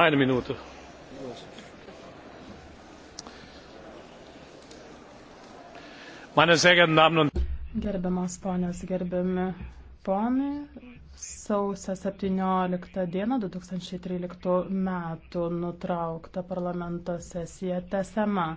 eine minute. meine sehr geehrten damen und gerbiamos ponios gerbiami ponai sausio septynioliktą dieną du tūkstančiai tryliktų metų nutraukta parlamento sesija tęsiama.